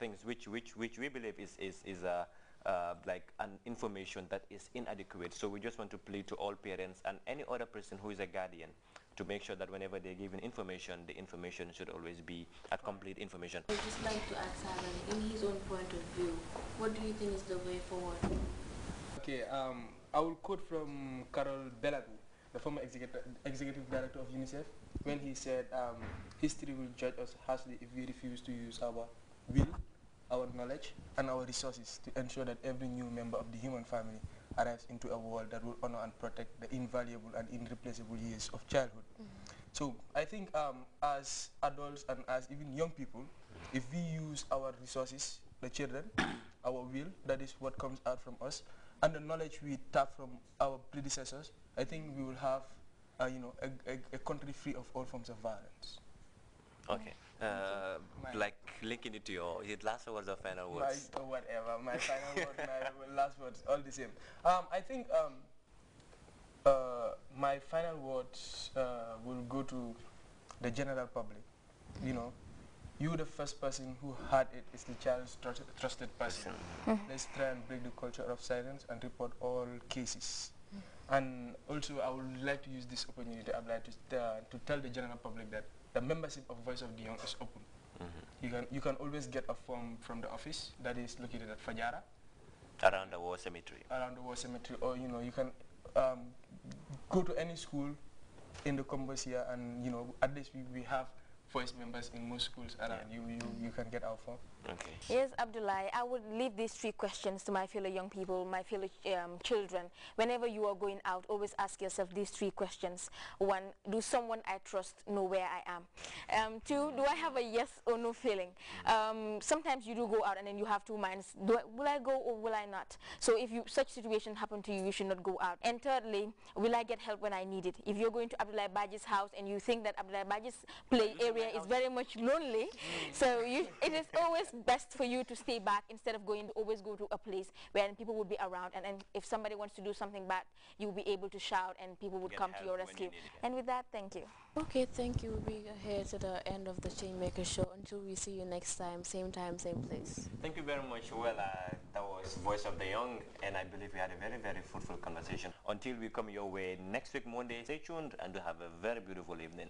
things which, which, which we believe is, is, is a, uh, like an information that is inadequate. So we just want to plead to all parents and any other person who is a guardian to make sure that whenever they're given information, the information should always be a complete information. I would just like to ask Simon, in his own point of view, what do you think is the way forward? Okay, um, I will quote from Carol Bellamy, the former executive, executive director of UNICEF, when he said, um, history will judge us harshly if we refuse to use our will our knowledge, and our resources to ensure that every new member of the human family arrives into a world that will honor and protect the invaluable and irreplaceable years of childhood. Mm -hmm. So I think um, as adults and as even young people, if we use our resources, the children, our will, that is what comes out from us, and the knowledge we tap from our predecessors, I think we will have, uh, you know, a, a, a country free of all forms of violence. Okay. Uh, like linking it to your his last words or final words. My, whatever. My final word, my last words, all the same. Um, I think um, uh, my final words uh, will go to the general public. You know, you the first person who heard it is the child's trusted, trusted person. Mm-hmm. Let's try and break the culture of silence and report all cases. Mm-hmm. And also, I would like to use this opportunity I would like to, uh, to tell the general public that the membership of Voice of the Young is open. Mm -hmm. You can you can always get a form from the office that is located at Fajara. Around the war cemetery. Around the war cemetery, or you know you can um, go to any school in the campus here, and you know at least we, we have voice members in most schools around. Yeah. You you you can get our form. Okay. Yes, Abdullah, I would leave these three questions to my fellow young people, my fellow um, children. Whenever you are going out, always ask yourself these three questions. One, do someone I trust know where I am? Um, two, do I have a yes or no feeling? Um, sometimes you do go out and then you have two minds. I, will I go or will I not? So if you, such situation happen to you, you should not go out. And thirdly, will I get help when I need it? If you're going to Abdullah Baji's house and you think that Abdullah Baji's play area is very much lonely, so you, it is always it's best for you to stay back instead of going to always go to a place where people would be around and, and if somebody wants to do something bad you'll be able to shout and people would come to your rescue you and with that thank you okay thank you we are here to the end of the Chainmaker show until we see you next time same time same place thank you very much well uh, that was voice of the young and I believe we had a very very fruitful conversation until we come your way next week Monday stay tuned and have a very beautiful evening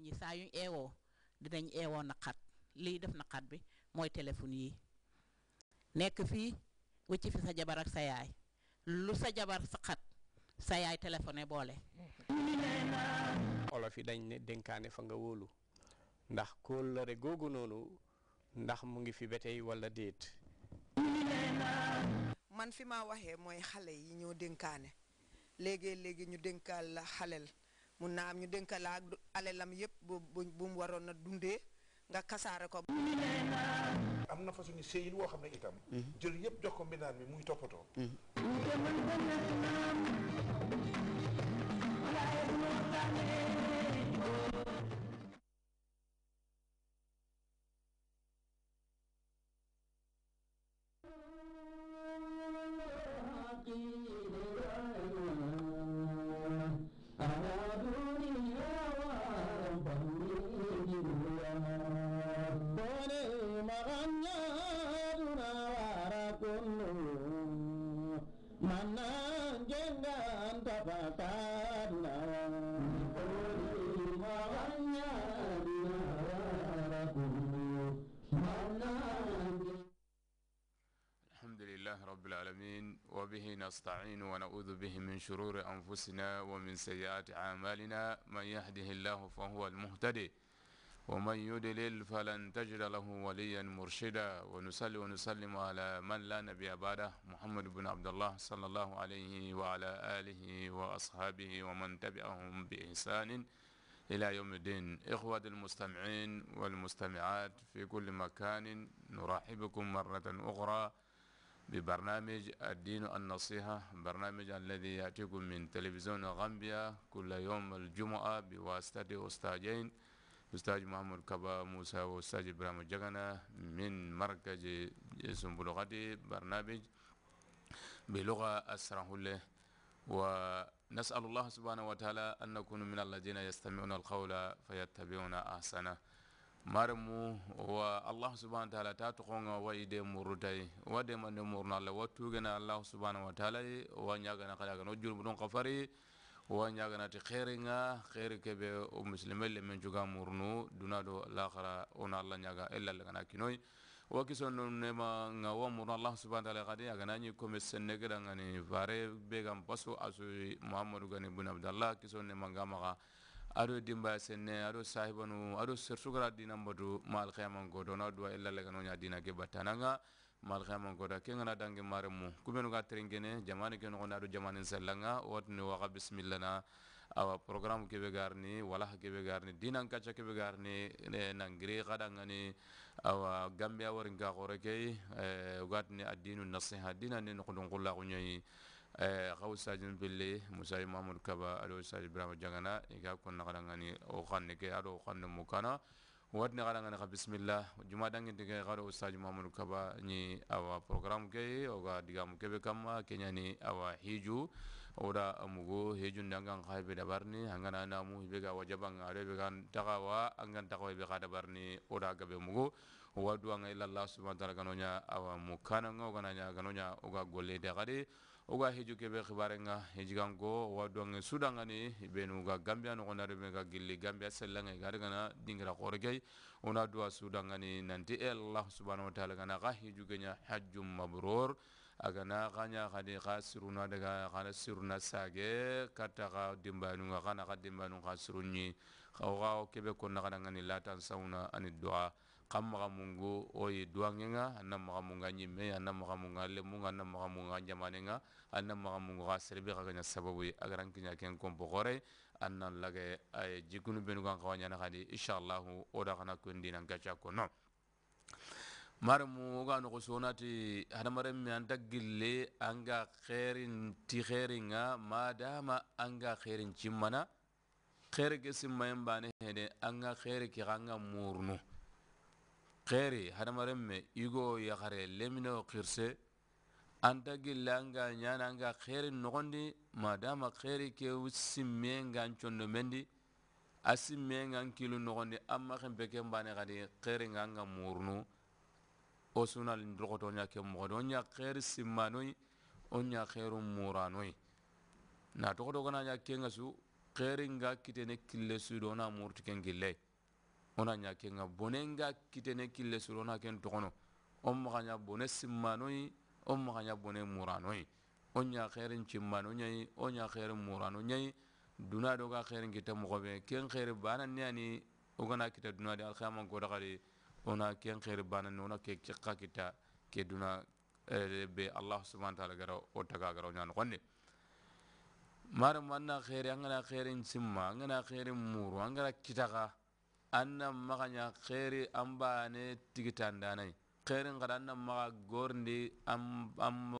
ne ñi saa yuñ eewoo dinañ eewoo naqat lii def naqat bi mooy téléphone yi nekk fii wëcc fi sa jabar ak sa yaay lu sa jabar sa xat sa yaay téléphoné boole olof yi dañ ne dénkaane fa nga wóolu ndax kóllëre googu noonu ndax mu ngi fi ba tey walla déet man fi ma waxee mooy xale yi ñoo dénkaane léegi léegi ñu dénkaal la xalel mun naa am ñu dénkala alelam yëpp bu bu mu waroon na dundee nga kasaare ko. am na façon séyin woo xam ne itam. Mhm. jël yëpp jox ko mbindaan mi muy toppatoo. Mhm. وبه نستعين ونعوذ به من شرور أنفسنا ومن سيئات أعمالنا من يهده الله فهو المهتدي ومن يدلل فلن تجد له وليا مرشدا ونصلي ونسلم على من لا نبي بعده محمد بن عبد الله صلى الله عليه وعلى آله وأصحابه ومن تبعهم بإحسان إلى يوم الدين إخوة المستمعين والمستمعات في كل مكان نرحبكم مرة أخرى ببرنامج الدين النصيحة برنامج الذي يأتيكم من تلفزيون غامبيا كل يوم الجمعة بواسطة أستاذين أستاذ محمد كبا موسى وأستاذ إبراهيم جغنا من مركز سنبل برنامج بلغة أسره له ونسأل الله سبحانه وتعالى أن نكون من الذين يستمعون القول فيتبعون أحسنه marmu wa allah subhanahu wa ta'ala ta tokonga wa ide murutai wa de mande murna allah wa tugena allah subhanahu wa ta'ala wa nyagana kala gano jurmu don kafari wa ñagana ti xeeri nga kebe o muslime le men cuga murunu duna do laxara ona alla ñaga ella gana kinoy wa kiso no nema nga wa murunu allah subhanahu wa ta'ala xadi agana ñi comme senne ngani fare be gam asu muhammadu gani bun abdallah kiso nema nga maxa aɗo dimba senne aɗo sahibanu aɗo surtout gara dina mbodu ma alkiyaman godo na duwa illa laganoña dina ke battananga ma alkiyaman goda ke ngana dange mare mu kubenu ga terengene jamane ke nogonde aɗo jamanen sellanga watni waxa bisimillana awa programme kebe garni walaha kebe garni dinan kacca kebe garni nangiri xadangani awa gambia warinka xore key eh, ugatini addinu nasiha dinani noxudun xullaxuñayi xaw sajin bille musayi mahamadou kaba aɗo saji birama diagana iga konna xaɗangani o xanne ke aɗo xanne mu kana watni xaɗangani xa bisimilla juma danginte ke xaɗo saji mahamadou kaba ñi awa programme ke oga digamu keɓe kamma keñani awa hiju oda mugu hejunde angan xa ɓe dabarni angana namu iɓe ga wajabanga aɗo ɓe gan taxawa angan taxawa ɓe xa dabarni oda gaɓe mugu wadu illa allah subhana taala ganoña awa mu kananga oganaña ganoña oga gollede xadi oga hiju kebe khibare nga hijiganko wa donge sudangani ibenu ga gambia no ona rebe ga gilli gambia sellanga gari gana dingira qorgay ona duwa sudangani nanti allah subhanahu wa ta'ala gana ga hiju ganya hajjum mabrur agana ganya kani ga siruna daga gana siruna sage kata ga dimbanu ga gana ga dimbanu ga sirunyi kebe ko na gana ngani latan sauna ani du'a kam maga mungu oyi duwangenga anna maga munga ñimme anna maga munga lemunga anna maga munga jamanenga anna maga mungu xa serebe xa gaña sababu ye agaran kiña ken kompo xore anna lage aye eh, jikunu benu xawañana xadi inchallahu oda xana kundinan gaca kono maremu oga noxo sonati hadamaren me anta gille anga xeerin ti xeeringa madama anga xeerin cimmana xeere ke simmayen bane hede anga xeere ke xa anga murunu kheri hadamaremme igo yakare lemino xirse anta gilla anga ñana anga kheri nogondi madama xeeri ke simme ngan condo mendi a simme ngan kilu nogondi amma xempe ke mbane xadi kheri nga nga murunu o sunal ndogoto ña ke moxodi o ña kheri simmanoyi o ña kheru muranoyi na toxoto ña kenga su kheri nga kitene kille sudo na ken gilley ona nya ke nga bonenga kitene kille surona ken tokono on maga nya bone simmanoi on maga nya bone muranoi on nya khairin cimmano nyai on nya khairin murano nyai duna do ga khairin kita mogobe ken khair bana nyani ogana kita duna de alkhama go ona ken khair bana nona ke kikka kita ke duna eh, be allah subhanahu ta'ala gara o taga gara nyan konne mar manna khair angana khairin simma angana khairin muru angana kitaga an na maka ɲa xeeri an ba ne tigitandanai xeerin xada an na maka gorindi an